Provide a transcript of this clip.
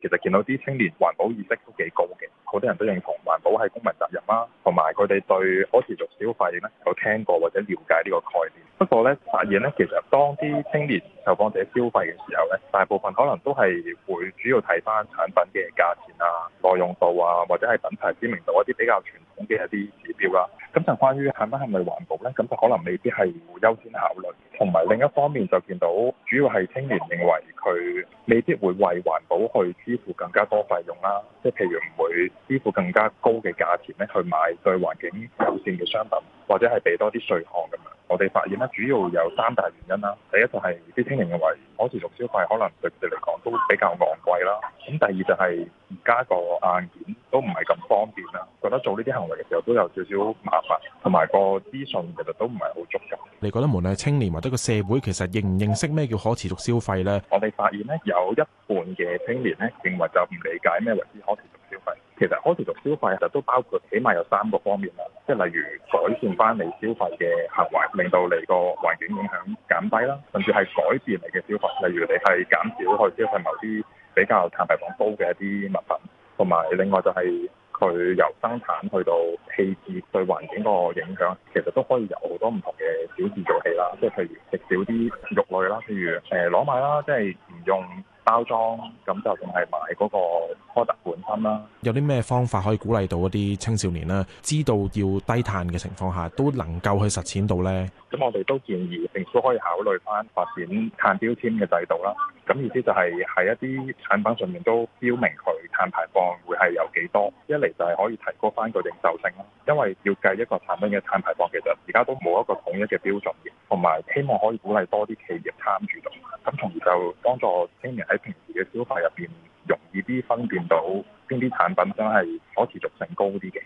其實見到啲青年環保意識都幾高嘅，好多人都認同環保係公民責任啦，同埋佢哋對可持續消費咧有聽過或者了解呢個概念。不過咧，發現咧，其實當啲青年受訪者消費嘅時候咧，大部分可能都係會主要睇返產品嘅價錢啊、耐用度啊，或者係品牌知名度啊，一啲比較傳統嘅一啲指標啦。咁就關於係咪係咪環保咧，咁就可能未必係會優先考慮。同埋另一方面就見到，主要係青年認為佢未必會為環保去支付更加多費用啦，即係譬如唔會支付更加高嘅價錢咧，去買對環境友善嘅商品，或者係俾多啲稅項咁樣。我哋發現咧，主要有三大原因啦。第一就係啲青年認為可持續消費可能對佢哋嚟講都比較昂貴啦。咁第二就係而家個硬件。都唔係咁方便啦，覺得做呢啲行為嘅時候都有少少麻煩，同埋個資訊其實都唔係好足夠。你覺得無論係青年或者個社會，其實認唔認識咩叫可持續消費咧？我哋發現咧，有一半嘅青年咧認為就唔理解咩為之可持續消費。其實可持續消費其實都包括起碼有三個方面啦，即係例如改善返你消費嘅行為，令到你個環境影響減低啦，甚至係改變你嘅消費，例如你係減少去消費某啲比較碳排放高嘅一啲物品。同埋另外就係佢由生產去到棄置對環境個影響，其實都可以有好多唔同嘅小事做起啦。即係譬如食少啲肉類啦，譬如誒攞埋啦，即係唔用包裝，咁就仲係買嗰個 product 本身啦。有啲咩方法可以鼓勵到一啲青少年咧，知道要低碳嘅情況下，都能夠去實踐到咧？咁我哋都建議，平時都可以考慮翻發展碳標籤嘅制度啦。咁意思就係喺一啲產品上面都標明佢碳排放會係有幾多？一嚟就係可以提高翻個認受性咯，因為要計一個產品嘅碳排放，其實而家都冇一個統一嘅標準嘅，同埋希望可以鼓勵多啲企業參與到，咁從而就幫助青年喺平時嘅消費入邊容易啲分辨到邊啲產品真係可持續性高啲嘅。